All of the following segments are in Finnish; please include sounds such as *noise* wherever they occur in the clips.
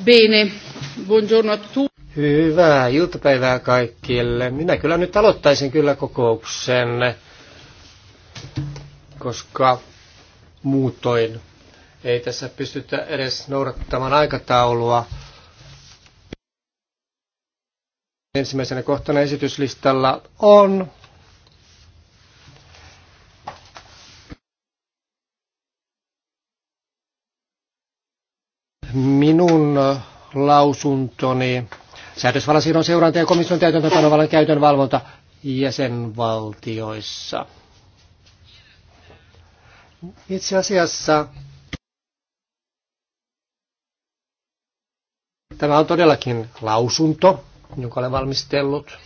Bene, buongiorno a tutti. Hyvää iltapäivää kaikille. Minä kyllä nyt aloittaisin kyllä kokouksen, koska muutoin ei tässä pystytä edes noudattamaan aikataulua. Ensimmäisenä kohtana esityslistalla on lausuntoni säädösvallan siirron seuranta ja komission täytäntöpanovallan käytön valvonta jäsenvaltioissa. Itse asiassa tämä on todellakin lausunto, jonka olen valmistellut.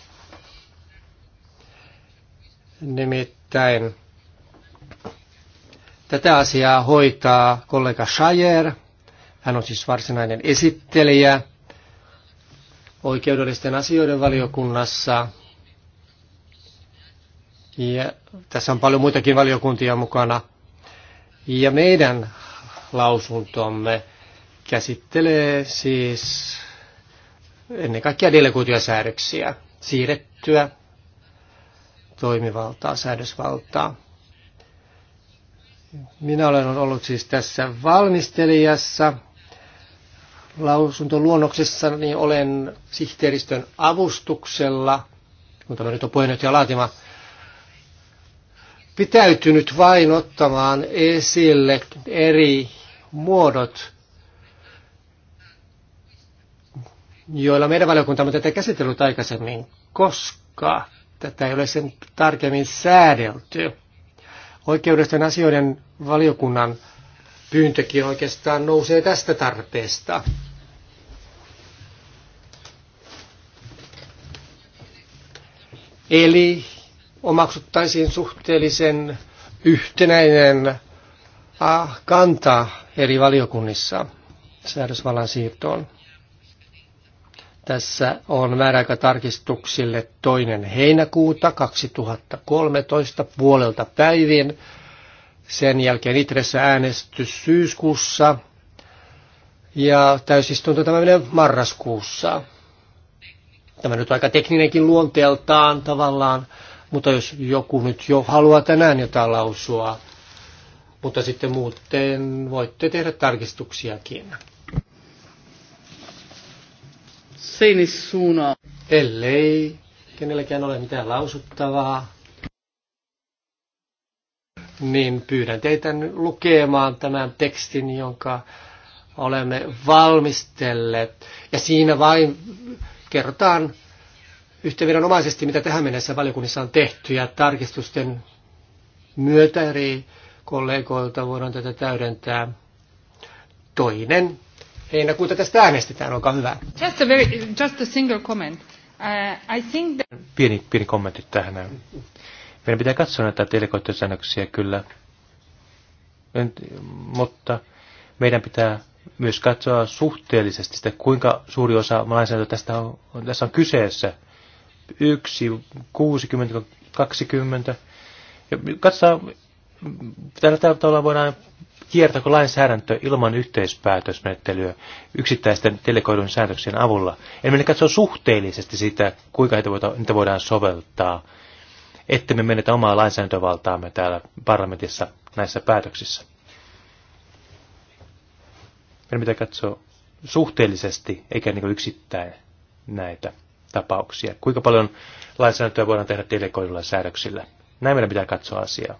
Nimittäin tätä asiaa hoitaa kollega Shayer – hän on siis varsinainen esittelijä oikeudellisten asioiden valiokunnassa. Ja tässä on paljon muitakin valiokuntia mukana. Ja meidän lausuntomme käsittelee siis ennen kaikkea delegoituja säädöksiä, siirrettyä toimivaltaa, säädösvaltaa. Minä olen ollut siis tässä valmistelijassa niin olen sihteeristön avustuksella, kun tämä nyt on puheenjohtaja laatima, pitäytynyt vain ottamaan esille eri muodot, joilla meidän valiokuntamme on tätä käsitellyt aikaisemmin, koska tätä ei ole sen tarkemmin säädelty. Oikeudellisten asioiden valiokunnan pyyntökin oikeastaan nousee tästä tarpeesta. Eli omaksuttaisiin suhteellisen yhtenäinen kanta eri valiokunnissa säädösvallan siirtoon. Tässä on määräaikatarkistuksille toinen heinäkuuta 2013 puolelta päivin sen jälkeen Itressä äänestys syyskuussa ja täysistunto tämä menee marraskuussa. Tämä nyt on aika tekninenkin luonteeltaan tavallaan, mutta jos joku nyt jo haluaa tänään jotain lausua, mutta sitten muuten voitte tehdä tarkistuksiakin. Seinissuuna. Ellei kenelläkään ole mitään lausuttavaa niin pyydän teitä lukemaan tämän tekstin, jonka olemme valmistelleet. Ja siinä vain kerrotaan yhteenvedonomaisesti, mitä tähän mennessä valiokunnissa on tehty ja tarkistusten myötä eri kollegoilta voidaan tätä täydentää. Toinen heinäkuuta tästä äänestetään, olkaa hyvä. Just a, very, just a single comment. Uh, I think that... pieni, pieni kommentti tähän. Meidän pitää katsoa näitä delegoitusäännöksiä kyllä, mutta meidän pitää myös katsoa suhteellisesti sitä, kuinka suuri osa lainsäädäntöä tästä on, tässä on kyseessä. Yksi, 60, 20. Ja katsotaan, tällä tavalla voidaan kiertää lainsäädäntö ilman yhteispäätösmenettelyä yksittäisten telekoidun säännöksien avulla. Eli meidän katsoa suhteellisesti sitä, kuinka niitä voidaan soveltaa ette me menetä omaa lainsäädäntövaltaamme täällä parlamentissa näissä päätöksissä. Meidän pitää katsoa suhteellisesti, eikä niin yksittäin näitä tapauksia. Kuinka paljon lainsäädäntöä voidaan tehdä delegoidulla säädöksillä. Näin meidän pitää katsoa asiaa.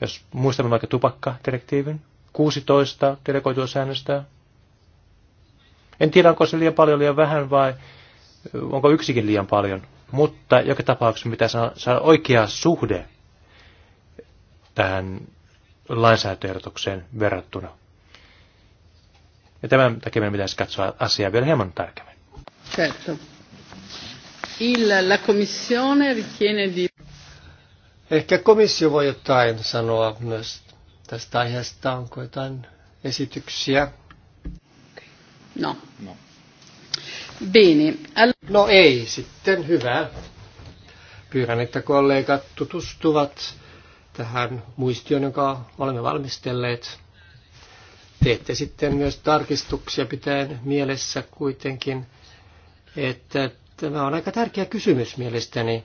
Jos muistamme vaikka tupakkadirektiivin, 16 delegoitua säännöstä. En tiedä, onko se liian paljon liian vähän vai onko yksikin liian paljon mutta joka tapauksessa pitää saa oikea suhde tähän lainsäädäntöehdotukseen verrattuna. Ja tämän takia meidän pitäisi katsoa asiaa vielä hieman tarkemmin. Certo. Il, la commissione ritiene di... Ehkä komissio voi jotain sanoa myös tästä aiheesta. Onko jotain esityksiä? No. no. Bene. No ei, sitten hyvä. Pyydän, että kollegat tutustuvat tähän muistioon, jonka olemme valmistelleet. Teette sitten myös tarkistuksia pitäen mielessä kuitenkin, että tämä on aika tärkeä kysymys mielestäni.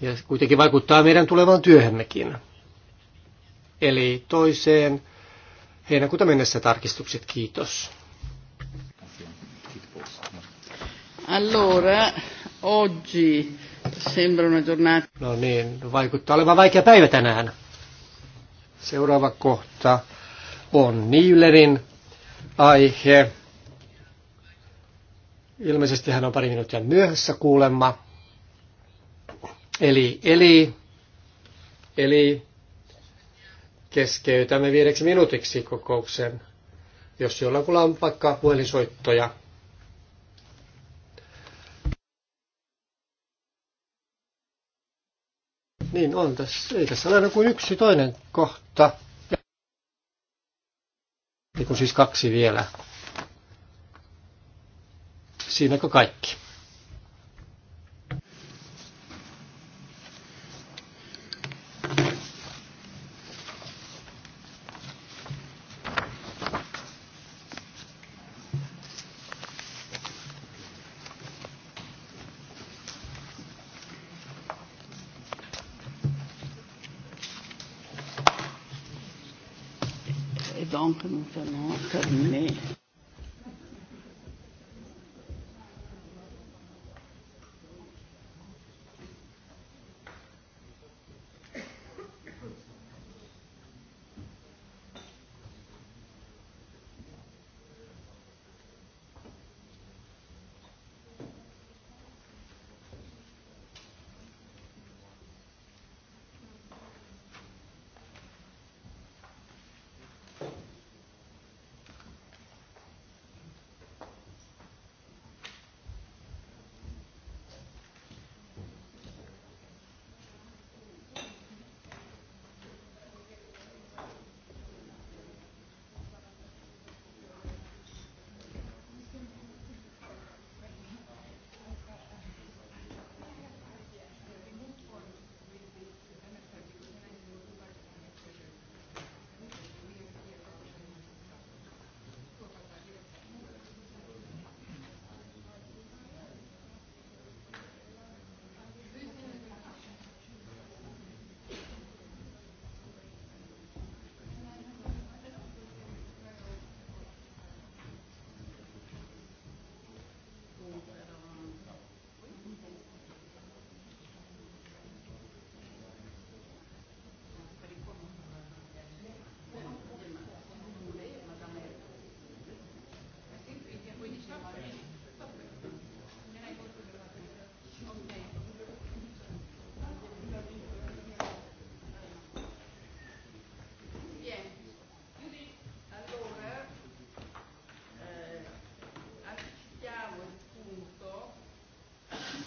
Ja kuitenkin vaikuttaa meidän tulevaan työhemmekin. Eli toiseen heinäkuuta mennessä tarkistukset, kiitos. Allora, oggi sembra una giornata... No niin, vaikuttaa olevan vaikea päivä tänään. Seuraava kohta on Niilerin aihe. Ilmeisesti hän on pari minuuttia myöhässä kuulemma. Eli, eli, eli keskeytämme viideksi minuutiksi kokouksen. Jos jollakulla on vaikka puhelinsoittoja, Niin on tässä. Ei tässä ole kuin yksi toinen kohta. Niin kuin siis kaksi vielä. Siinäkö kaikki? comment faire non terminé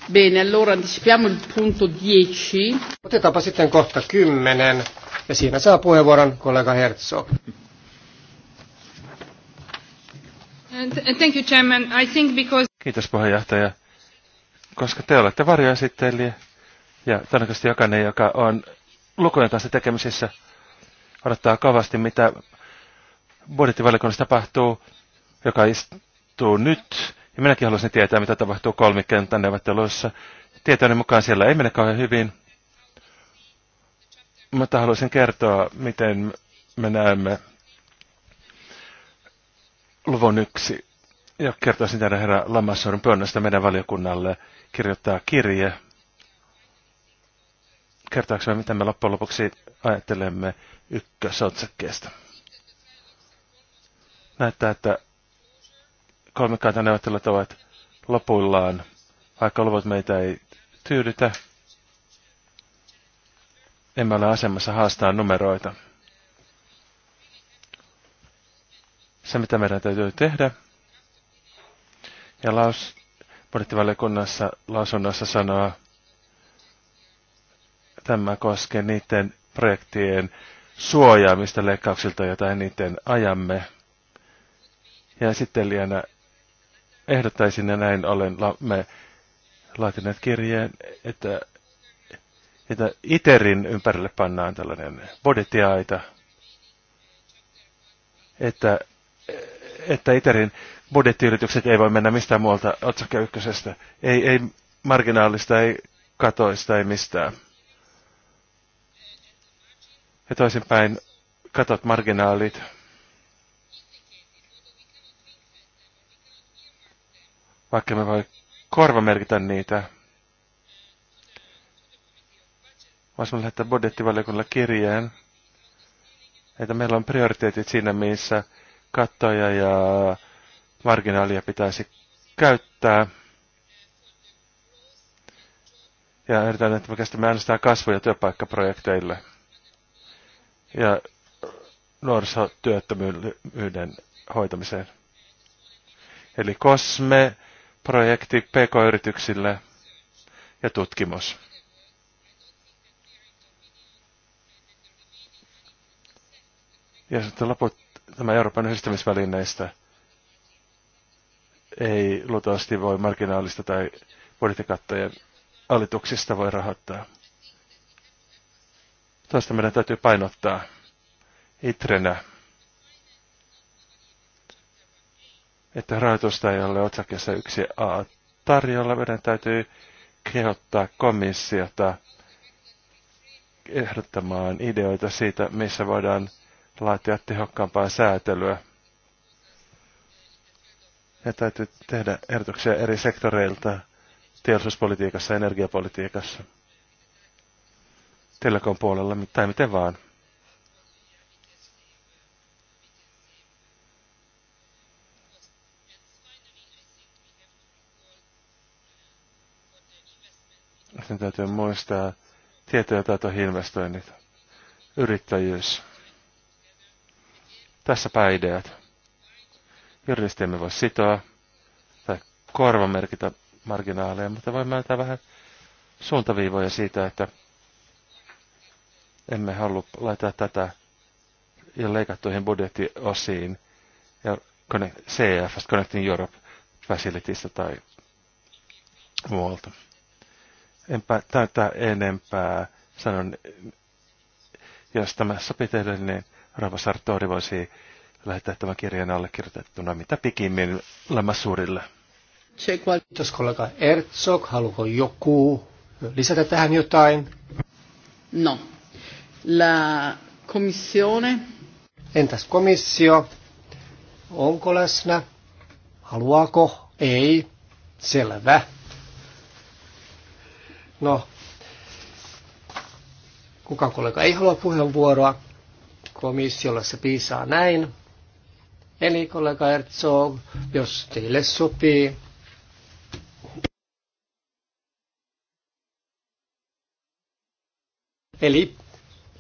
Bene, allora anticipiamo il punto 10. Otetaanpa sitten kohta 10 ja siinä saa puheenvuoron kollega Herzog. Thank you, Chairman. I think because... Kiitos puheenjohtaja. Koska te olette varjoesittelijä ja todennäköisesti jokainen, joka on lukujen kanssa tekemisissä, odottaa kovasti, mitä budjettivalikonnassa tapahtuu, joka istuu nyt ja minäkin haluaisin tietää, mitä tapahtuu kolmikentän neuvotteluissa. Tietojeni mukaan siellä ei mene kauhean hyvin. Mutta haluaisin kertoa, miten me näemme luvun yksi. Ja kertoisin tänne herra Lamassorin pyönnöstä meidän valiokunnalle kirjoittaa kirje. Kertaaksemme, mitä me loppujen lopuksi ajattelemme ykkösotsakkeesta. Näyttää, että ne ovat lopuillaan, vaikka luvut meitä ei tyydytä. Emme ole asemassa haastaa numeroita. Se, mitä meidän täytyy tehdä, ja laus, budjettivaliokunnassa lausunnossa sanoa, tämä koskee niiden projektien suojaamista leikkauksilta, joita niiden ajamme. Ja sitten liian ehdottaisin ja näin olen la, me laatineet kirjeen, että, että ITERin ympärille pannaan tällainen bodetiaita, että, että ITERin budjettiyritykset ei voi mennä mistään muualta otsakke ykkösestä, ei, ei marginaalista, ei katoista, ei mistään. Ja toisinpäin katot marginaalit, vaikka me voi korvamerkitä niitä. Voisimme lähettää budjettivaliokunnalle kirjeen, että meillä on prioriteetit siinä, missä kattoja ja marginaalia pitäisi käyttää. Ja yritän, että me kestämme äänestää kasvu- ja työpaikkaprojekteille ja nuorisotyöttömyyden hoitamiseen. Eli COSME, projekti PK-yrityksille ja tutkimus. Ja sitten loput tämä Euroopan yhdistämisvälineistä ei luultavasti voi marginaalista tai budjettikattojen alituksista voi rahoittaa. Tästä meidän täytyy painottaa itrenä. että rahoitusta ei ole otsakkeessa yksi a tarjolla. Meidän täytyy kehottaa komissiota ehdottamaan ideoita siitä, missä voidaan laatia tehokkaampaa säätelyä. Ja täytyy tehdä ehdotuksia eri sektoreilta teollisuuspolitiikassa ja energiapolitiikassa. Telekon puolella tai miten vaan. Sitten täytyy muistaa tieto- ja taitoinvestoinnit, yrittäjyys. tässä ideat. Juridisesti emme voi sitoa tai korvamerkitä marginaaleja, mutta voimme antaa vähän suuntaviivoja siitä, että emme halua laittaa tätä ja leikattuihin budjettiosiin ja CF, Connecting Europe Facilitysta tai muualta enpä tätä enempää. Sanon, jos tämä sopii teille, niin Rava Sartori voisi lähettää tämän kirjan allekirjoitettuna mitä pikimmin lämmäsuurille. Kiitos kollega Herzog. Haluaako joku lisätä tähän jotain? No. La commissione. Entäs komissio? Onko läsnä? Haluaako? Ei. Selvä. No, kuka kollega ei halua puheenvuoroa. Komissiolle se piisaa näin. Eli kollega Herzog, jos teille sopii, Eli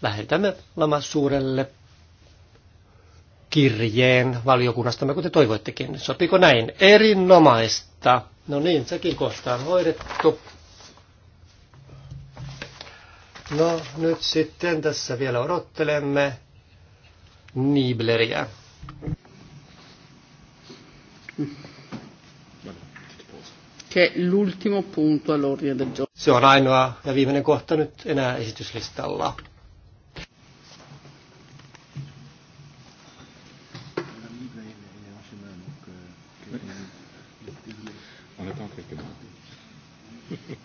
lähetämme suurelle kirjeen me kuten toivoittekin. Sopiko näin? Erinomaista. No niin, sekin kohta on hoidettu. No nyt sitten tässä vielä odottelemme Nibleriä. Se on ainoa ja viimeinen kohta nyt enää esityslistalla. Thank *laughs* you.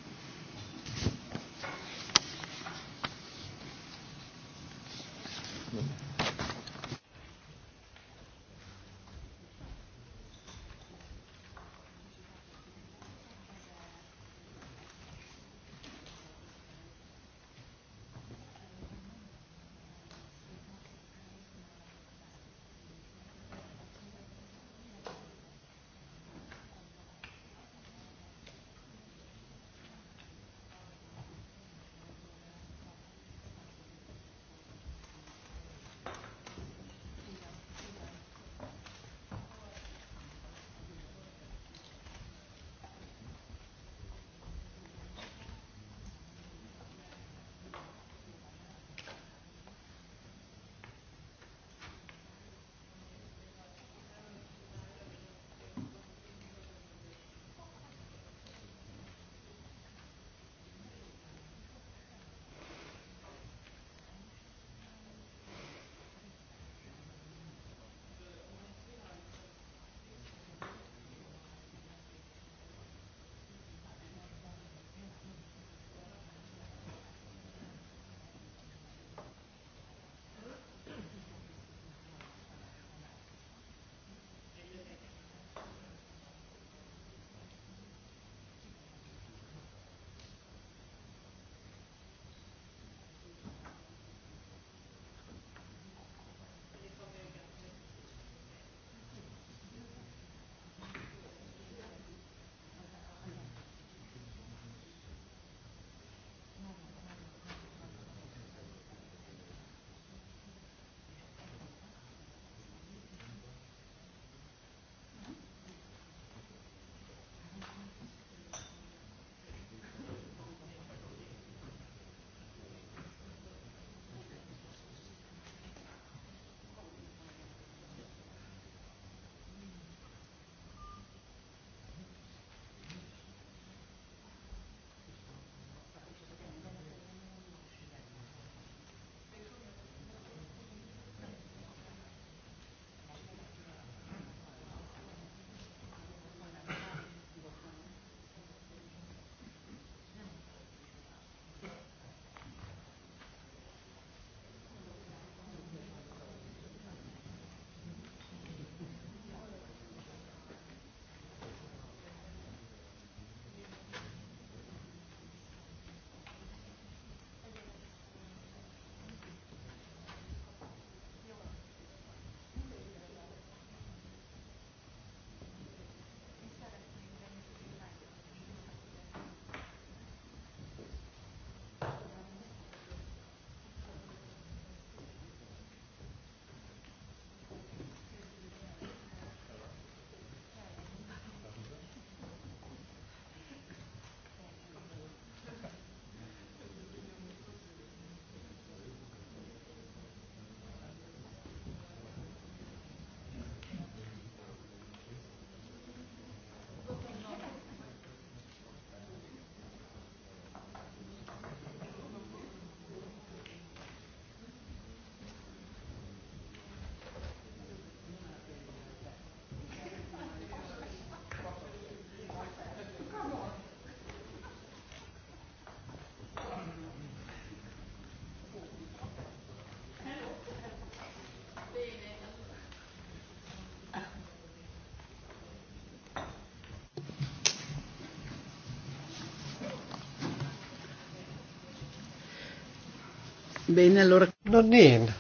No niin,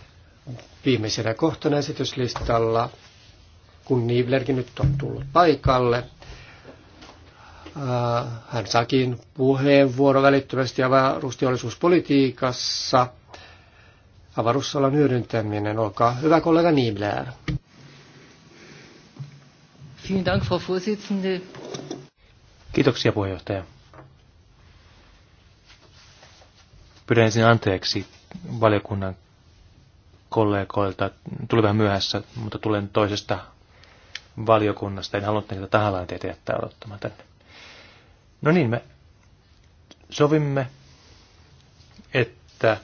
viimeisenä kohtana esityslistalla, kun Niivlerkin nyt on tullut paikalle, äh, hän saakin puheenvuoro välittömästi avaruusteollisuuspolitiikassa. Avaruussalan hyödyntäminen, olkaa hyvä kollega Niebler. Kiitoksia puheenjohtaja. Pyydän ensin anteeksi valiokunnan kollegoilta. Tuli vähän myöhässä, mutta tulen toisesta valiokunnasta. En halunnut niitä tahallaan teitä jättää odottamaan tänne. No niin, me sovimme, että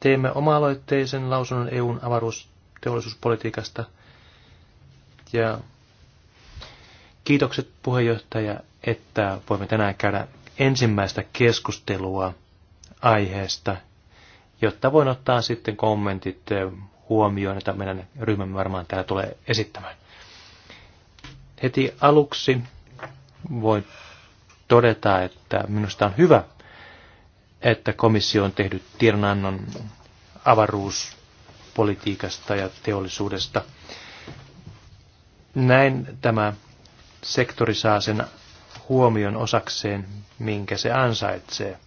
teemme oma-aloitteisen lausunnon EUn avaruusteollisuuspolitiikasta. Ja kiitokset puheenjohtaja, että voimme tänään käydä ensimmäistä keskustelua aiheesta, jotta voin ottaa sitten kommentit eh, huomioon, että meidän ryhmämme varmaan täällä tulee esittämään. Heti aluksi voin todeta, että minusta on hyvä, että komissio on tehnyt tiedonannon avaruuspolitiikasta ja teollisuudesta. Näin tämä sektori saa sen huomion osakseen, minkä se ansaitsee –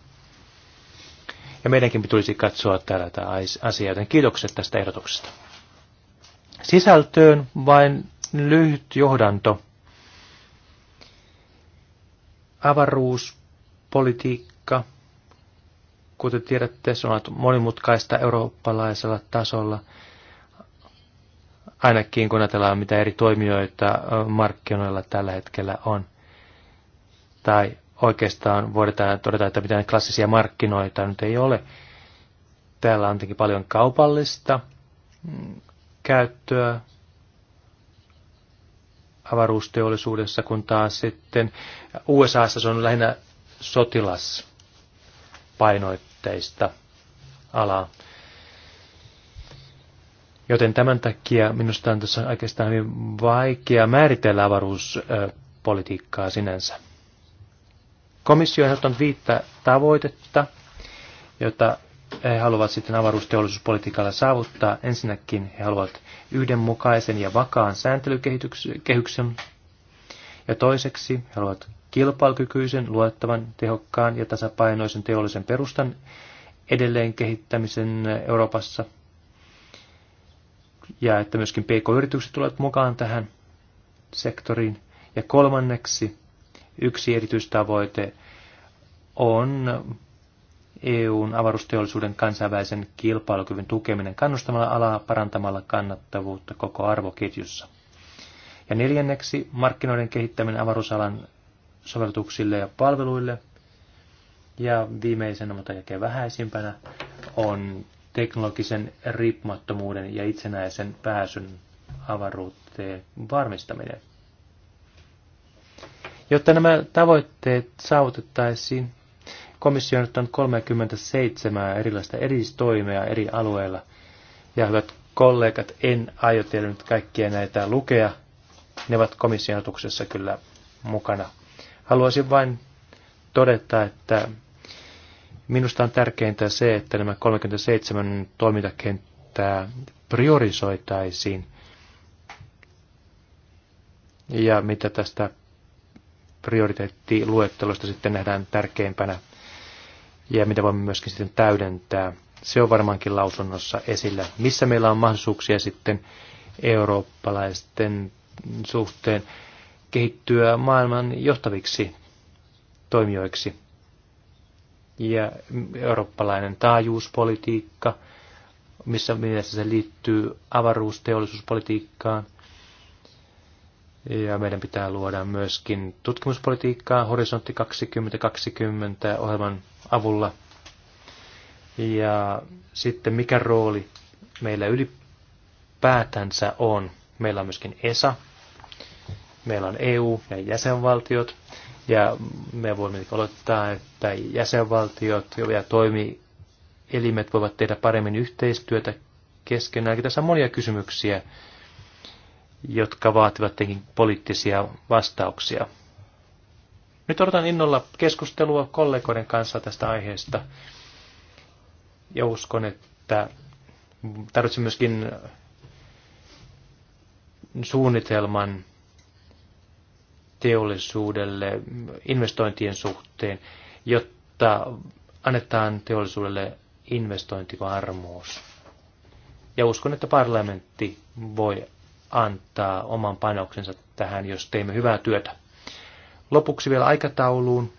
ja meidänkin tulisi katsoa täällä tätä asiaa, joten kiitokset tästä ehdotuksesta. Sisältöön vain lyhyt johdanto. Avaruuspolitiikka, kuten tiedätte, se on monimutkaista eurooppalaisella tasolla. Ainakin kun ajatellaan, mitä eri toimijoita markkinoilla tällä hetkellä on. Tai oikeastaan voidaan todeta, että mitään klassisia markkinoita nyt ei ole. Täällä on tietenkin paljon kaupallista mm, käyttöä avaruusteollisuudessa, kun taas sitten USAssa se on lähinnä sotilaspainoitteista alaa. Joten tämän takia minusta on tässä oikeastaan hyvin vaikea määritellä avaruuspolitiikkaa sinänsä. Komissio on viittä tavoitetta, jota he haluavat sitten avaruusteollisuuspolitiikalla saavuttaa. Ensinnäkin he haluavat yhdenmukaisen ja vakaan sääntelykehyksen. Ja toiseksi he haluavat kilpailukykyisen, luottavan, tehokkaan ja tasapainoisen teollisen perustan edelleen kehittämisen Euroopassa. Ja että myöskin PK-yritykset tulevat mukaan tähän sektoriin. Ja kolmanneksi Yksi erityistavoite on EUn avaruusteollisuuden kansainvälisen kilpailukyvyn tukeminen kannustamalla alaa parantamalla kannattavuutta koko arvoketjussa. Ja neljänneksi markkinoiden kehittäminen avaruusalan sovellutuksille ja palveluille. Ja viimeisenä, mutta jälkeen vähäisimpänä, on teknologisen riippumattomuuden ja itsenäisen pääsyn avaruuteen varmistaminen. Jotta nämä tavoitteet saavutettaisiin, komissio on ottanut 37 erilaista edistoimea eri alueilla. Ja hyvät kollegat, en aio teille nyt kaikkia näitä lukea. Ne ovat komission kyllä mukana. Haluaisin vain todeta, että minusta on tärkeintä se, että nämä 37 toimintakenttää priorisoitaisiin. Ja mitä tästä prioriteettiluettelosta sitten nähdään tärkeimpänä ja mitä voimme myöskin sitten täydentää. Se on varmaankin lausunnossa esillä, missä meillä on mahdollisuuksia sitten eurooppalaisten suhteen kehittyä maailman johtaviksi toimijoiksi. Ja eurooppalainen taajuuspolitiikka, missä mielessä se liittyy avaruusteollisuuspolitiikkaan, ja meidän pitää luoda myöskin tutkimuspolitiikkaa Horisontti 2020 ohjelman avulla. Ja sitten mikä rooli meillä ylipäätänsä on. Meillä on myöskin ESA, meillä on EU ja jäsenvaltiot, ja me voimme aloittaa että jäsenvaltiot ja toimielimet voivat tehdä paremmin yhteistyötä keskenään. Eli tässä on monia kysymyksiä, jotka vaativat tietenkin poliittisia vastauksia. Nyt odotan innolla keskustelua kollegoiden kanssa tästä aiheesta. Ja uskon, että tarvitsen myöskin suunnitelman teollisuudelle investointien suhteen, jotta annetaan teollisuudelle investointivarmuus. Ja uskon, että parlamentti voi antaa oman panoksensa tähän, jos teemme hyvää työtä. Lopuksi vielä aikatauluun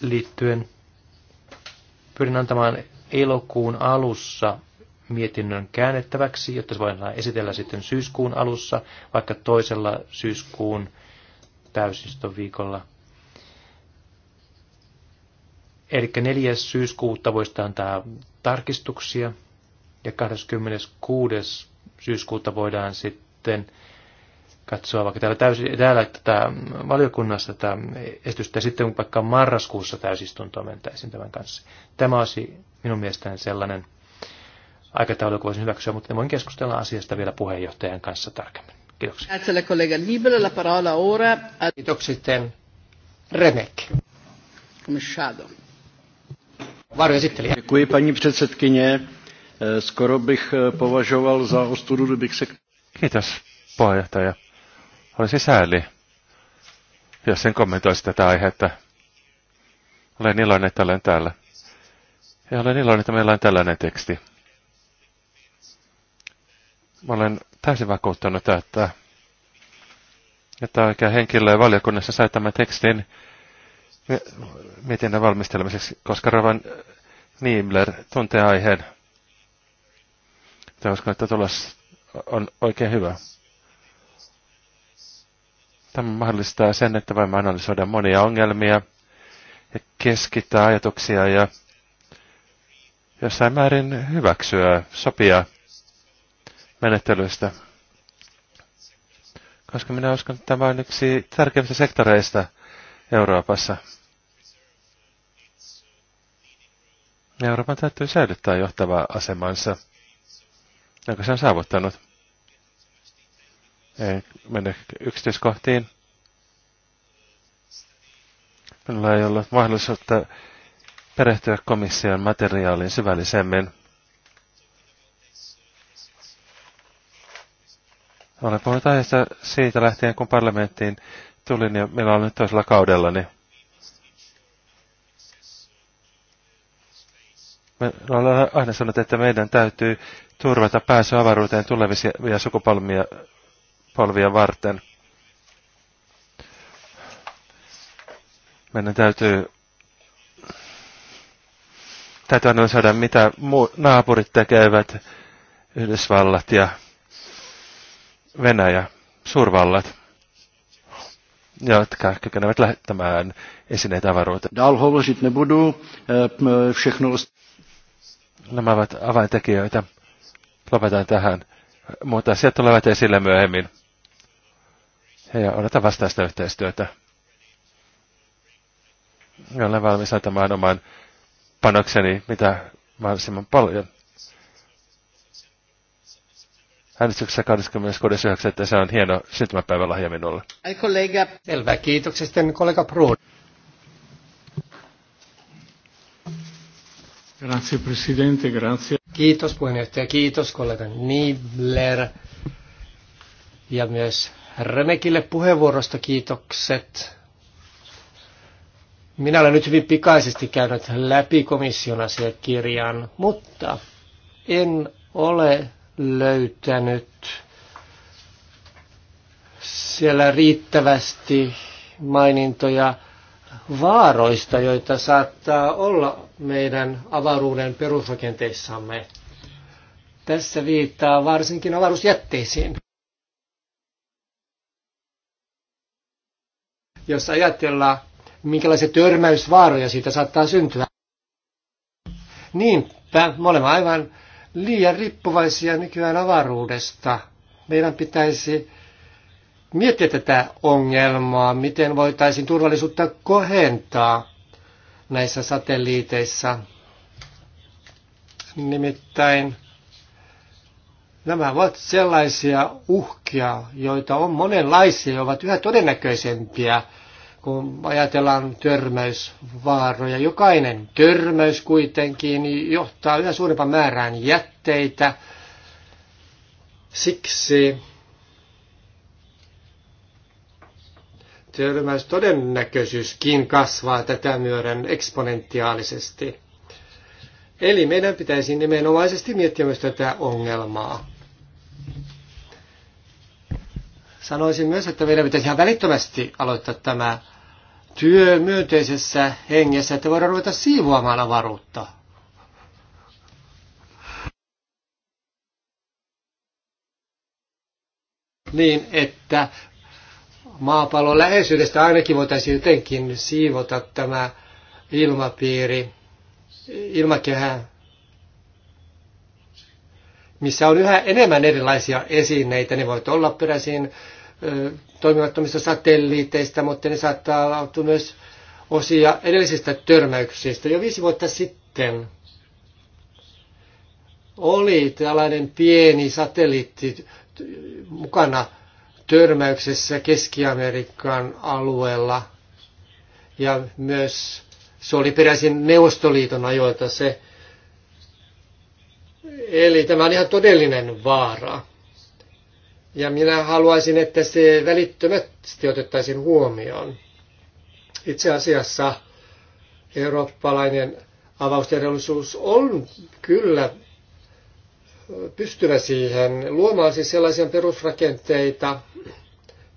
liittyen pyrin antamaan elokuun alussa mietinnön käännettäväksi, jotta se voidaan esitellä sitten syyskuun alussa, vaikka toisella syyskuun täysistoviikolla. Eli 4. syyskuuta voisi antaa tarkistuksia ja 26 syyskuuta voidaan sitten katsoa vaikka täällä, täysi, täällä tätä valiokunnassa tätä esitystä sitten kun vaikka marraskuussa täysistuntoa mentäisiin tämän kanssa. Tämä olisi minun mielestäni sellainen aikataulu, joka voisin hyväksyä, mutta voin keskustella asiasta vielä puheenjohtajan kanssa tarkemmin. Kiitoksia. Kiitoksia sitten Remek. Come esittelijä. Děkuji Eh, skoro bych eh, považoval za ostudu, kdybych se... Kiitos, puheenjohtaja. Olisi sääli, jos sen kommentoisi tätä aihetta. Olen iloinen, että olen täällä. Ja olen iloinen, että meillä on tällainen teksti. Mä olen täysin vakuuttanut, että, että oikea henkilö valiokunnassa sai tämän tekstin mietinnän valmistelemiseksi, koska Ravan Niemler tuntee aiheen ja uskon, että tulos on oikein hyvä. Tämä mahdollistaa sen, että voimme analysoida monia ongelmia ja keskittää ajatuksia ja jossain määrin hyväksyä, sopia menettelystä. Koska minä uskon, että tämä on yksi tärkeimmistä sektoreista Euroopassa. Euroopan täytyy säilyttää johtava asemansa. Onko se on saavuttanut. Ei mene yksityiskohtiin. Minulla ei ollut mahdollisuutta perehtyä komission materiaaliin syvällisemmin. Olen puhunut aiheesta siitä lähtien, kun parlamenttiin tulin ja meillä on nyt toisella kaudella, niin me ollaan aina sanonut, että meidän täytyy turvata pääsy avaruuteen tulevia sukupolvia polvia varten. Meidän täytyy, täytyy analysoida, mitä muu, naapurit tekevät, Yhdysvallat ja Venäjä, suurvallat, jotka kykenevät lähettämään esineitä avaruuteen. Dál hovořit nebudu, eh, všechno... Nämä ovat avaintekijöitä. Lopetan tähän, mutta asiat tulevat esille myöhemmin. Hei, odotan vastaista yhteistyötä. Ja olen valmis antamaan oman panokseni mitä mahdollisimman paljon. Äänestyksessä 26.9. se on hieno syntymäpäivän lahja minulle. Ai kollega. Selvä, kiitoksia sitten kollega Pruun. Grazie Presidente, grazie. Kiitos puheenjohtaja, kiitos kollega Nibler ja myös Remekille puheenvuorosta kiitokset. Minä olen nyt hyvin pikaisesti käynyt läpi komission asiakirjan, mutta en ole löytänyt siellä riittävästi mainintoja vaaroista, joita saattaa olla meidän avaruuden perusrakenteissamme. Tässä viittaa varsinkin avaruusjätteisiin. Jos ajatellaan, minkälaisia törmäysvaaroja siitä saattaa syntyä. Niinpä me olemme aivan liian riippuvaisia nykyään avaruudesta. Meidän pitäisi miettiä tätä ongelmaa, miten voitaisiin turvallisuutta kohentaa näissä satelliiteissa. Nimittäin nämä ovat sellaisia uhkia, joita on monenlaisia ja ovat yhä todennäköisempiä, kun ajatellaan törmäysvaaroja. Jokainen törmäys kuitenkin johtaa yhä suurempaan määrään jätteitä. Siksi törmäystodennäköisyyskin kasvaa tätä myöden eksponentiaalisesti. Eli meidän pitäisi nimenomaisesti miettiä myös tätä ongelmaa. Sanoisin myös, että meidän pitäisi ihan välittömästi aloittaa tämä työ myönteisessä hengessä, että voidaan ruveta siivoamaan avaruutta. Niin, että maapallon läheisyydestä ainakin voitaisiin jotenkin siivota tämä ilmapiiri, ilmakehä, missä on yhä enemmän erilaisia esineitä. Ne voivat olla peräisin toimimattomista satelliiteista, mutta ne saattaa olla myös osia edellisistä törmäyksistä. Jo viisi vuotta sitten oli tällainen pieni satelliitti mukana törmäyksessä Keski-Amerikan alueella. Ja myös se oli peräisin Neuvostoliiton ajoilta se. Eli tämä on ihan todellinen vaara. Ja minä haluaisin, että se välittömästi otettaisiin huomioon. Itse asiassa eurooppalainen avausteollisuus on kyllä pystyvä siihen luomaan siis sellaisia perusrakenteita,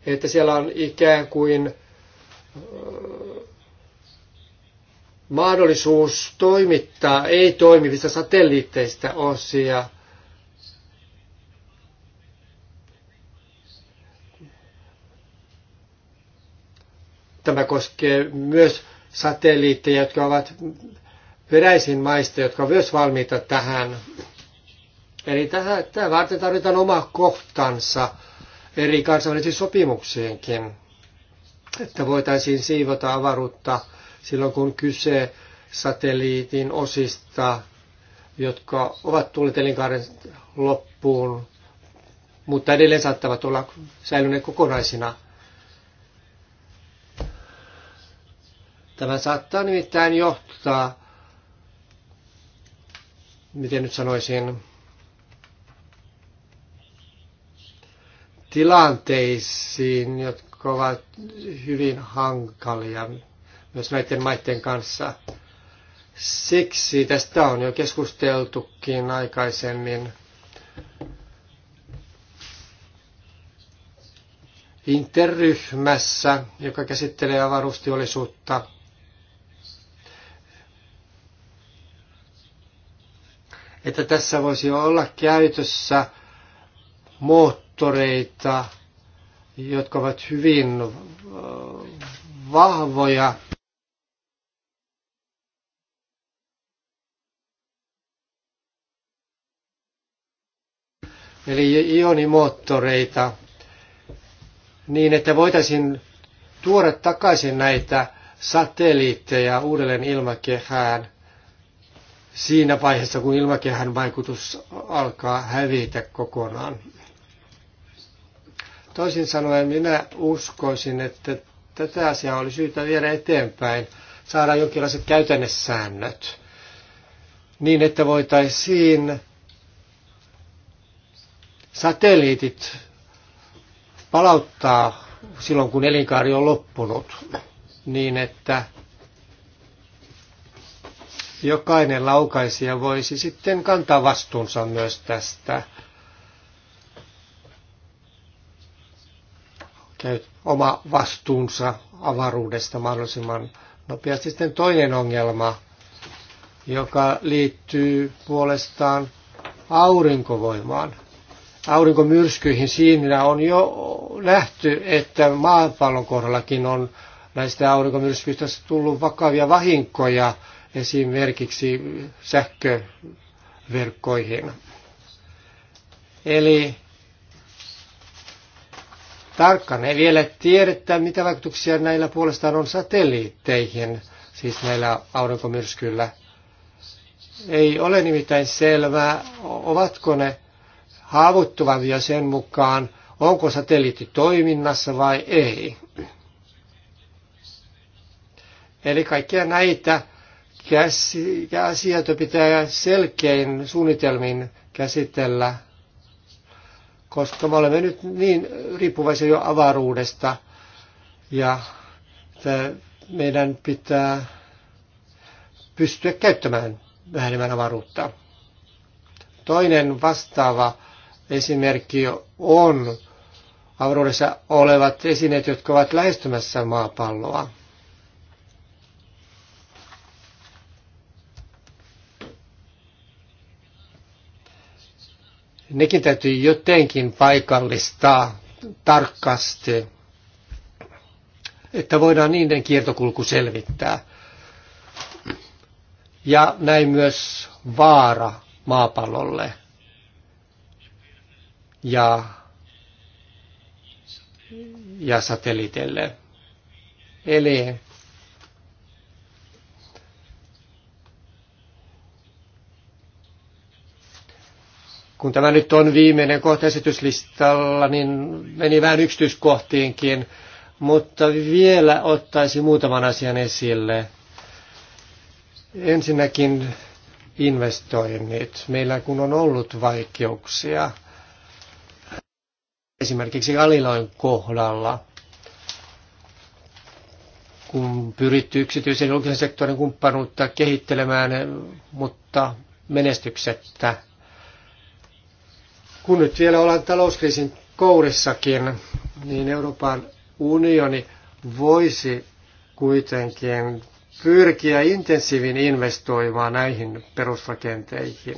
että siellä on ikään kuin äh, mahdollisuus toimittaa ei-toimivista satelliitteista osia. Tämä koskee myös satelliitteja, jotka ovat peräisin maista, jotka ovat myös valmiita tähän Eli tähän tähän varten tarvitaan oma kohtansa eri kansainvälisiin sopimuksiinkin, että voitaisiin siivota avaruutta silloin, kun kyse satelliitin osista, jotka ovat tulleet elinkaaren loppuun, mutta edelleen saattavat olla säilyneet kokonaisina. Tämä saattaa nimittäin johtaa, miten nyt sanoisin, tilanteisiin, jotka ovat hyvin hankalia myös näiden maiden kanssa. Siksi tästä on jo keskusteltukin aikaisemmin. interryhmässä, joka käsittelee avaruustiollisuutta, Että tässä voisi olla käytössä moottori moottoreita, jotka ovat hyvin vahvoja. Eli ionimoottoreita, niin että voitaisiin tuoda takaisin näitä satelliitteja uudelleen ilmakehään siinä vaiheessa, kun ilmakehän vaikutus alkaa hävitä kokonaan. Toisin sanoen minä uskoisin, että tätä asiaa oli syytä viedä eteenpäin, saada jonkinlaiset käytännössäännöt, niin että voitaisiin satelliitit palauttaa silloin, kun elinkaari on loppunut, niin että jokainen laukaisija voisi sitten kantaa vastuunsa myös tästä. oma vastuunsa avaruudesta mahdollisimman nopeasti. Sitten toinen ongelma, joka liittyy puolestaan aurinkovoimaan. Aurinkomyrskyihin siinä on jo nähty, että maapallon kohdallakin on näistä aurinkomyrskyistä tullut vakavia vahinkoja esimerkiksi sähköverkkoihin. Eli Tarkkaan ei vielä tiedetä, mitä vaikutuksia näillä puolestaan on satelliitteihin, siis näillä aurinkomyrskyillä. Ei ole nimittäin selvää, ovatko ne haavoittuvia sen mukaan, onko satelliitti toiminnassa vai ei. Eli kaikkia näitä asioita pitää selkein suunnitelmin käsitellä koska me olemme nyt niin riippuvaisia jo avaruudesta ja meidän pitää pystyä käyttämään vähemmän avaruutta. Toinen vastaava esimerkki on avaruudessa olevat esineet, jotka ovat lähestymässä maapalloa. nekin täytyy jotenkin paikallistaa tarkasti, että voidaan niiden kiertokulku selvittää. Ja näin myös vaara maapallolle. Ja, ja satelliitelle. Eli kun tämä nyt on viimeinen kohta esityslistalla, niin meni vähän yksityiskohtiinkin, mutta vielä ottaisi muutaman asian esille. Ensinnäkin investoinnit. Meillä kun on ollut vaikeuksia, esimerkiksi Galiloin kohdalla, kun pyritty yksityisen ja julkisen sektorin kumppanuutta kehittelemään, mutta menestyksettä kun nyt vielä ollaan talouskriisin kourissakin, niin Euroopan unioni voisi kuitenkin pyrkiä intensiivin investoimaan näihin perusrakenteihin.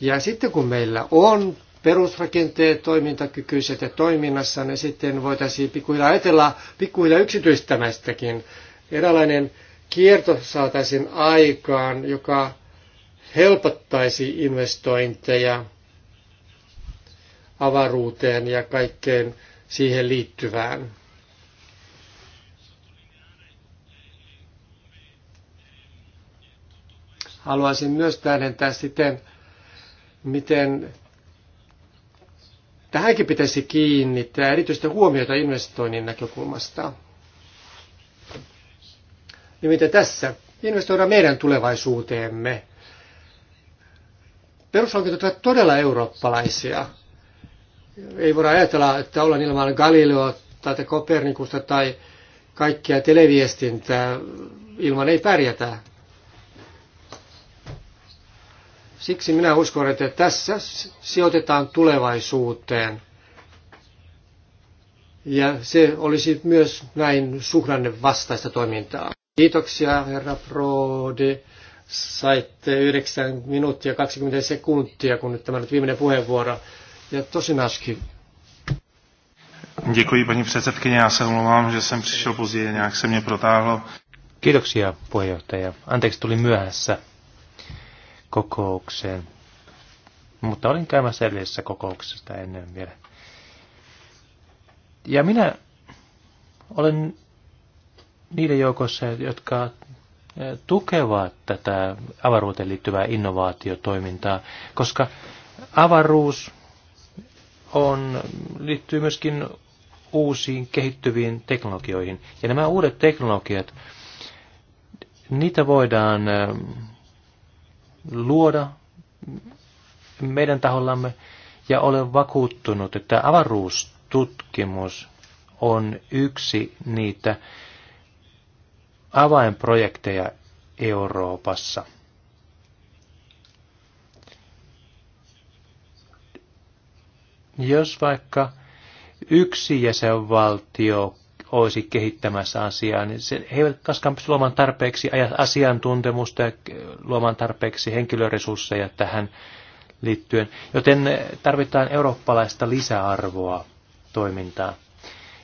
Ja sitten kun meillä on perusrakenteet toimintakykyiset ja toiminnassa, ne sitten voitaisiin pikkuhiljaa ajatella pikkuhiljaa yksityistämästäkin. Eräänlainen kierto saataisiin aikaan, joka helpottaisi investointeja avaruuteen ja kaikkeen siihen liittyvään. Haluaisin myös tähdentää siten, miten tähänkin pitäisi kiinnittää erityistä huomiota investoinnin näkökulmasta. Nimittäin tässä investoidaan meidän tulevaisuuteemme. Perusoikeudet ovat todella eurooppalaisia ei voida ajatella, että ollaan ilman Galileoa tai Kopernikusta tai kaikkia televiestintää. Ilman ei pärjätä. Siksi minä uskon, että tässä sijoitetaan tulevaisuuteen. Ja se olisi myös näin suhdanne vastaista toimintaa. Kiitoksia, herra Prodi. Saitte 9 minuuttia 20 sekuntia, kun nyt tämä nyt viimeinen puheenvuoro je ja Tosinasky. Děkuji, paní předsedkyně. Já se omlouvám, že jsem přišel později, nějak se mě protáhlo. Kiitoksia, puheenjohtaja. Anteeksi, tuli myöhässä kokoukseen. Mutta olin käymässä edellisessä kokouksessa ennen vielä. Ja minä olen niiden joukossa, jotka eh, tukevat tätä avaruuteen liittyvää innovaatiotoimintaa, koska avaruus on, liittyy myöskin uusiin kehittyviin teknologioihin. Ja nämä uudet teknologiat, niitä voidaan ähm, luoda meidän tahollamme ja olen vakuuttunut, että avaruustutkimus on yksi niitä avainprojekteja Euroopassa – Jos vaikka yksi jäsenvaltio olisi kehittämässä asiaa, niin se, he eivät koskaan pysty luomaan tarpeeksi asiantuntemusta ja luomaan tarpeeksi henkilöresursseja tähän liittyen. Joten tarvitaan eurooppalaista lisäarvoa toimintaan.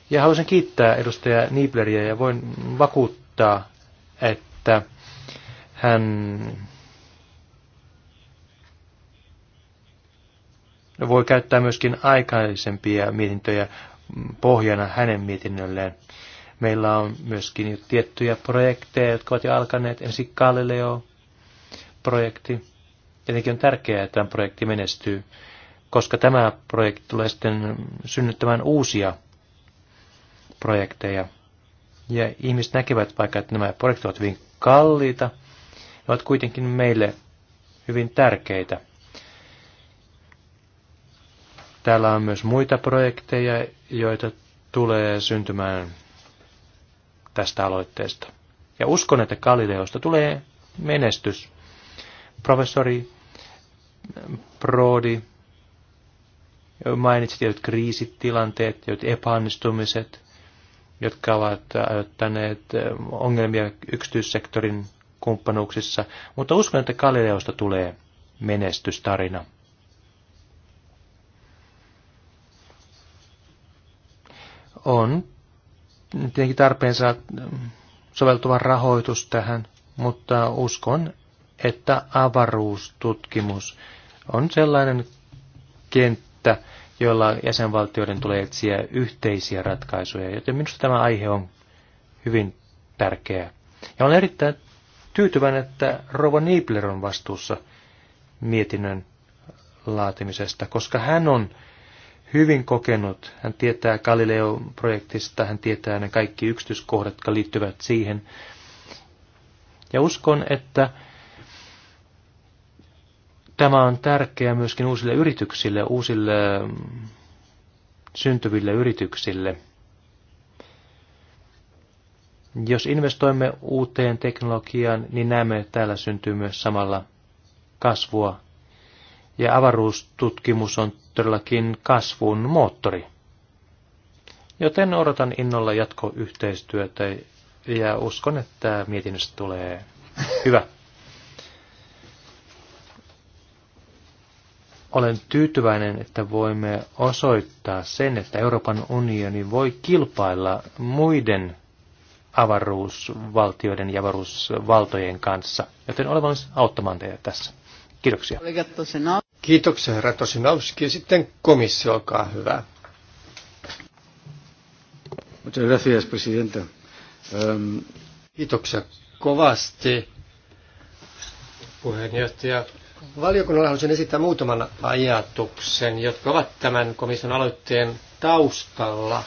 Ja haluaisin kiittää edustaja Niibleriä ja voin vakuuttaa, että hän voi käyttää myöskin aikaisempia mietintöjä pohjana hänen mietinnölleen. Meillä on myöskin jo tiettyjä projekteja, jotka ovat jo alkaneet. Ensin Galileo-projekti. Tietenkin on tärkeää, että tämä projekti menestyy, koska tämä projekti tulee sitten synnyttämään uusia projekteja. Ja ihmiset näkevät vaikka, että nämä projektit ovat hyvin kalliita, ne ovat kuitenkin meille hyvin tärkeitä. Täällä on myös muita projekteja, joita tulee syntymään tästä aloitteesta. Ja uskon, että Galileosta tulee menestys. Professori Brody mainitsi tietyt kriisitilanteet, tietyt epäonnistumiset, jotka ovat aiheuttaneet ongelmia yksityissektorin kumppanuuksissa, mutta uskon, että Galileosta tulee menestystarina. on tietenkin tarpeen saada soveltuva rahoitus tähän, mutta uskon, että avaruustutkimus on sellainen kenttä, jolla jäsenvaltioiden tulee etsiä yhteisiä ratkaisuja, joten minusta tämä aihe on hyvin tärkeä. Ja olen erittäin tyytyväinen, että Rova Niebler on vastuussa mietinnön laatimisesta, koska hän on hyvin kokenut. Hän tietää Galileo-projektista, hän tietää ne kaikki yksityiskohdat, jotka liittyvät siihen. Ja uskon, että tämä on tärkeää myöskin uusille yrityksille, uusille mm, syntyville yrityksille. Jos investoimme uuteen teknologiaan, niin näemme, että täällä syntyy myös samalla kasvua ja avaruustutkimus on todellakin kasvun moottori. Joten odotan innolla jatkoyhteistyötä ja uskon, että mietinnöstä tulee hyvä. Olen tyytyväinen, että voimme osoittaa sen, että Euroopan unioni voi kilpailla muiden avaruusvaltioiden ja avaruusvaltojen kanssa, joten olen valmis auttamaan teitä tässä. Kiitoksia. Kiitoksia, herra Tosinovski. Sitten komissio, olkaa hyvä. Muchas gracias, Um... Kiitoksia kovasti, puheenjohtaja. Valiokunnalla haluaisin esittää muutaman ajatuksen, jotka ovat tämän komission aloitteen taustalla.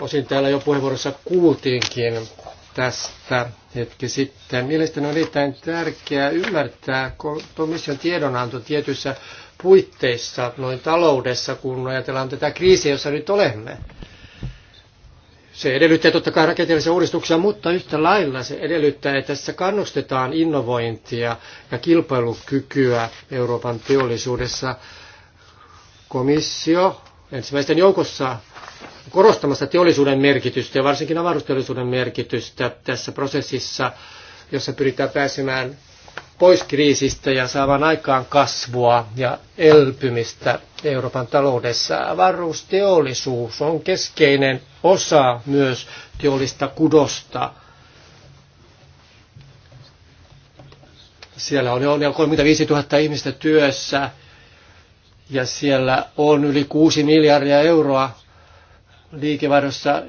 Osin täällä jo puheenvuorossa kuultiinkin tästä hetki sitten. Mielestäni on erittäin tärkeää ymmärtää komission tiedonanto tietyissä puitteissa noin taloudessa, kun ajatellaan tätä kriisiä, jossa nyt olemme. Se edellyttää totta kai rakenteellisia uudistuksia, mutta yhtä lailla se edellyttää, että tässä kannustetaan innovointia ja kilpailukykyä Euroopan teollisuudessa. Komissio ensimmäisten joukossa korostamassa teollisuuden merkitystä ja varsinkin avaruusteollisuuden merkitystä tässä prosessissa, jossa pyritään pääsemään pois kriisistä ja saamaan aikaan kasvua ja elpymistä Euroopan taloudessa. Avaruusteollisuus on keskeinen osa myös teollista kudosta. Siellä on jo 35 000 ihmistä työssä ja siellä on yli 6 miljardia euroa liikevaihdossa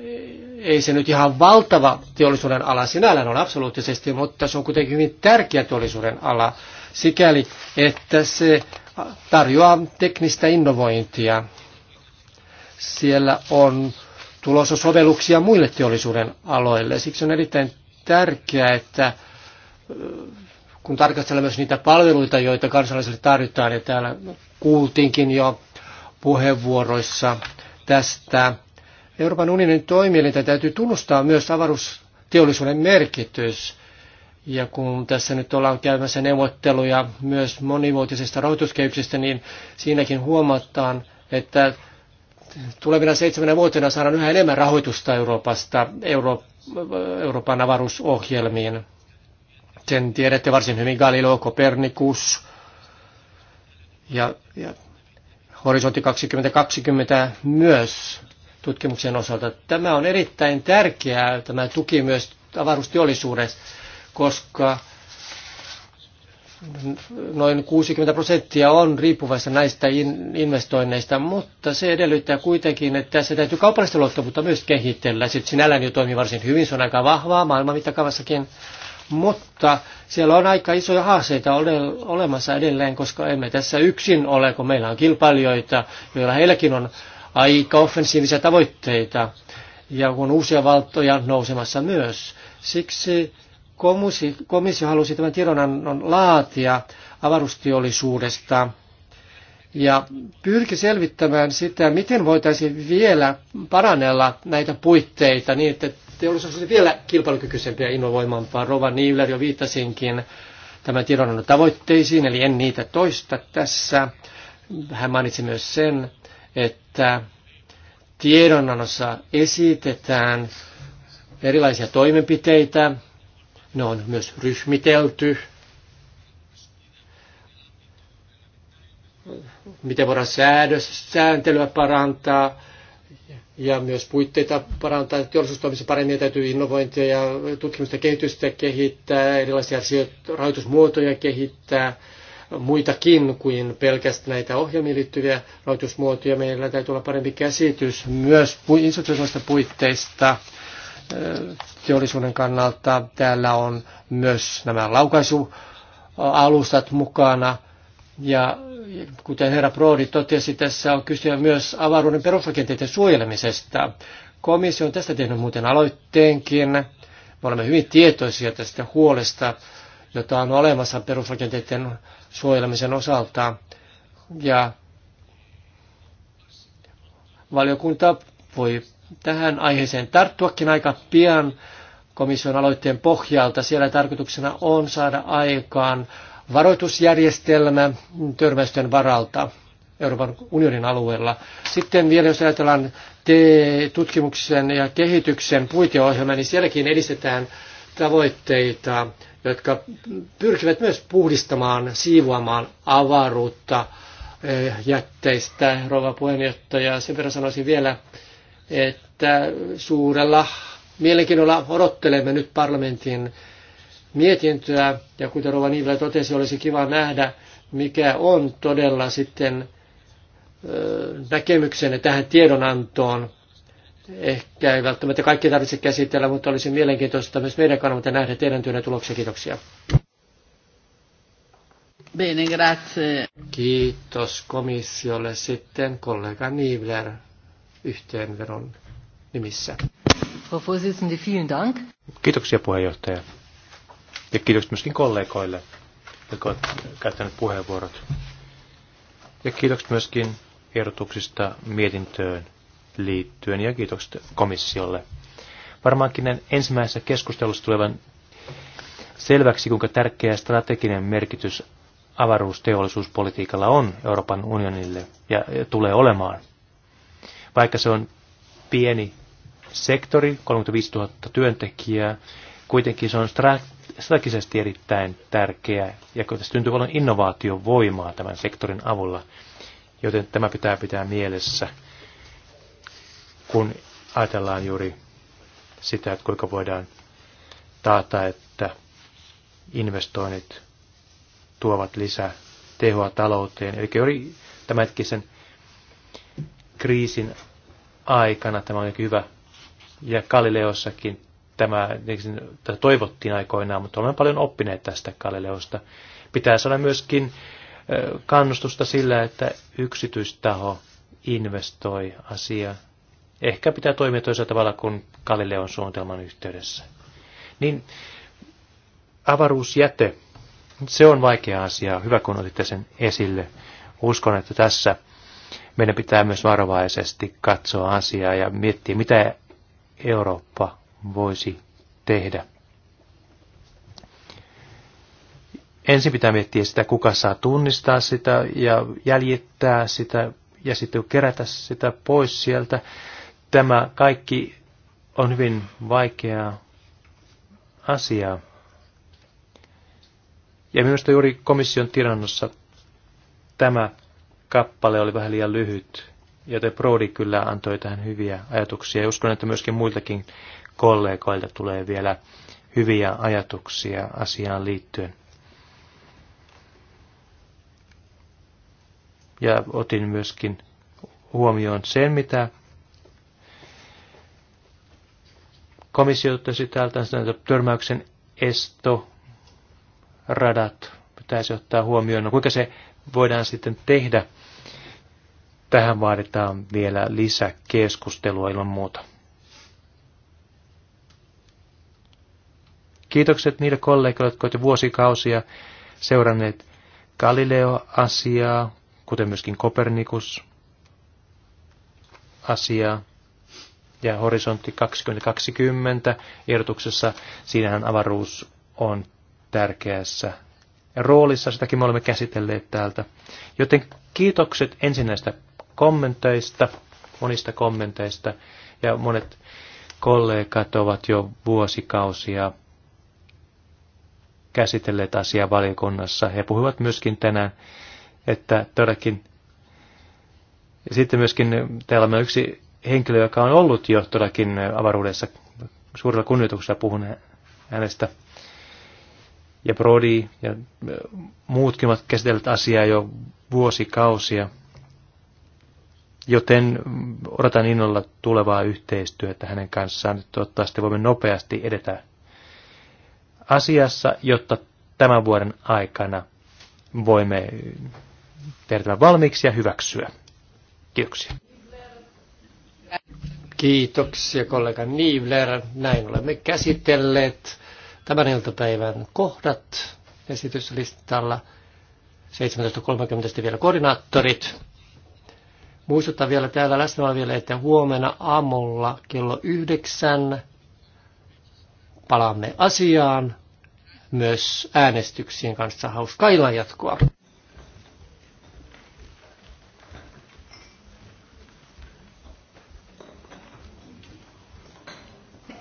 ei se nyt ihan valtava teollisuuden ala sinällään on absoluuttisesti, mutta se on kuitenkin hyvin tärkeä teollisuuden ala sikäli, että se tarjoaa teknistä innovointia. Siellä on tulossa sovelluksia muille teollisuuden aloille. Siksi on erittäin tärkeää, että kun tarkastellaan myös niitä palveluita, joita kansalaisille tarjotaan, ja täällä kuultiinkin jo puheenvuoroissa tästä, Euroopan unionin toimielintä täytyy tunnustaa myös avaruusteollisuuden merkitys. Ja kun tässä nyt ollaan käymässä neuvotteluja myös monivuotisista rahoituskehyksestä, niin siinäkin huomataan, että tulevina seitsemänä vuotena saadaan yhä enemmän rahoitusta Euroopasta Euro, Euroopan avaruusohjelmiin. Sen tiedätte varsin hyvin Galileo, Copernicus ja, ja Horisontti 2020 myös tutkimuksen osalta. Tämä on erittäin tärkeää, tämä tuki myös avaruusteollisuudessa, koska noin 60 prosenttia on riippuvaista näistä investoinneista, mutta se edellyttää kuitenkin, että tässä täytyy kaupallista luottavuutta myös kehitellä. Sitten sinällään jo toimii varsin hyvin, se on aika vahvaa maailman mittakaavassakin, mutta siellä on aika isoja haasteita olemassa edelleen, koska emme tässä yksin ole, kun meillä on kilpailijoita, joilla heilläkin on aika offensiivisia tavoitteita ja on uusia valtoja nousemassa myös. Siksi komissio, komissio halusi tämän tiedonannon laatia avaruusteollisuudesta ja pyrki selvittämään sitä, miten voitaisiin vielä parannella näitä puitteita niin, että teollisuus olisi vielä kilpailukykyisempiä ja innovoimampaa. Rova Niiler jo viittasinkin tämän tiedonannon tavoitteisiin, eli en niitä toista tässä. Hän mainitsi myös sen, että tiedonannossa esitetään erilaisia toimenpiteitä. Ne on myös ryhmitelty. Miten voidaan säädös, sääntelyä parantaa ja myös puitteita parantaa. Teollisuustoimissa paremmin täytyy innovointia ja tutkimusta ja kehitystä kehittää, erilaisia rahoitusmuotoja kehittää muitakin kuin pelkästään näitä ohjelmiin liittyviä rahoitusmuotoja. Meillä täytyy olla parempi käsitys myös institutionaalista puitteista teollisuuden kannalta. Täällä on myös nämä laukaisualustat mukana. Ja kuten herra Prodi totesi, tässä on kyse myös avaruuden perusrakenteiden suojelemisesta. Komissio on tästä tehnyt muuten aloitteenkin. Me olemme hyvin tietoisia tästä huolesta jota on olemassa perusrakenteiden suojelemisen osalta. Ja valiokunta voi tähän aiheeseen tarttuakin aika pian komission aloitteen pohjalta. Siellä tarkoituksena on saada aikaan varoitusjärjestelmä törmäysten varalta Euroopan unionin alueella. Sitten vielä jos ajatellaan tutkimuksen ja kehityksen puiteohjelma, niin sielläkin edistetään tavoitteita jotka pyrkivät myös puhdistamaan, siivoamaan avaruutta eh, jätteistä. Rova puheenjohtaja, sen verran sanoisin vielä, että suurella mielenkiinnolla odottelemme nyt parlamentin mietintöä. Ja kuten Rova Niivilä totesi, olisi kiva nähdä, mikä on todella sitten eh, näkemyksenne tähän tiedonantoon Ehkä ei välttämättä kaikki tarvitse käsitellä, mutta olisi mielenkiintoista myös meidän kannalta nähdä teidän työnne tuloksia. Kiitoksia. Bene, grazie. Kiitos komissiolle sitten kollega Niivler yhteenveron nimissä. Frau Vorsitzende, vielen Dank. Kiitoksia puheenjohtaja. Ja kiitos myöskin kollegoille, jotka ovat käyttäneet puheenvuorot. Ja kiitos myöskin ehdotuksista mietintöön liittyen ja kiitokset komissiolle. Varmaankin ensimmäisessä keskustelussa tulevan selväksi, kuinka tärkeä strateginen merkitys avaruusteollisuuspolitiikalla on Euroopan unionille ja tulee olemaan. Vaikka se on pieni sektori, 35 000 työntekijää, kuitenkin se on strategisesti erittäin tärkeä, ja tässä syntyy paljon innovaation voimaa tämän sektorin avulla, joten tämä pitää pitää mielessä kun ajatellaan juuri sitä, että kuinka voidaan taata, että investoinnit tuovat lisää tehoa talouteen. Eli juuri tämänhetkisen kriisin aikana tämä on hyvä. Ja Galileossakin tämä, niin tämä toivottiin aikoinaan, mutta olemme paljon oppineet tästä Galileosta. Pitää saada myöskin kannustusta sillä, että yksityistaho investoi asiaan Ehkä pitää toimia toisella tavalla kuin Galileon suunnitelman yhteydessä. Niin avaruusjäte, se on vaikea asia. Hyvä, kun otitte sen esille. Uskon, että tässä meidän pitää myös varovaisesti katsoa asiaa ja miettiä, mitä Eurooppa voisi tehdä. Ensin pitää miettiä sitä, kuka saa tunnistaa sitä ja jäljittää sitä ja sitten kerätä sitä pois sieltä. Tämä kaikki on hyvin vaikeaa asia, Ja minusta juuri komission tilannossa tämä kappale oli vähän liian lyhyt, joten Prodi kyllä antoi tähän hyviä ajatuksia. Ja uskon, että myöskin muiltakin kollegoilta tulee vielä hyviä ajatuksia asiaan liittyen. Ja otin myöskin huomioon sen, mitä Komissio ottaisi täältä, että törmäyksen esto, radat pitäisi ottaa huomioon. No, kuinka se voidaan sitten tehdä? Tähän vaaditaan vielä lisäkeskustelua ilman muuta. Kiitokset niille kollegoille, jotka olette vuosikausia seuranneet Galileo-asiaa, kuten myöskin Kopernikus-asiaa ja horisontti 2020 ehdotuksessa. Siinähän avaruus on tärkeässä roolissa, sitäkin me olemme käsitelleet täältä. Joten kiitokset ensin näistä kommenteista, monista kommenteista, ja monet kollegat ovat jo vuosikausia käsitelleet asiaa valiokunnassa. He puhuivat myöskin tänään, että todellakin ja sitten myöskin täällä on yksi henkilö, joka on ollut jo todellakin avaruudessa suurella kunnioituksella puhun hänestä. Ja Brody ja äh, muutkin ovat käsitelleet asiaa jo vuosikausia. Joten mm, odotan innolla tulevaa yhteistyötä hänen kanssaan. Toivottavasti voimme nopeasti edetä asiassa, jotta tämän vuoden aikana voimme tehdä valmiiksi ja hyväksyä. Kiitoksia. Kiitoksia kollega Niivler. Näin olemme käsitelleet tämän iltapäivän kohdat esityslistalla. 17.30 vielä koordinaattorit. Muistutan vielä täällä läsnä vielä, että huomenna aamulla kello yhdeksän palaamme asiaan myös äänestyksien kanssa. Hauskaa illan jatkoa.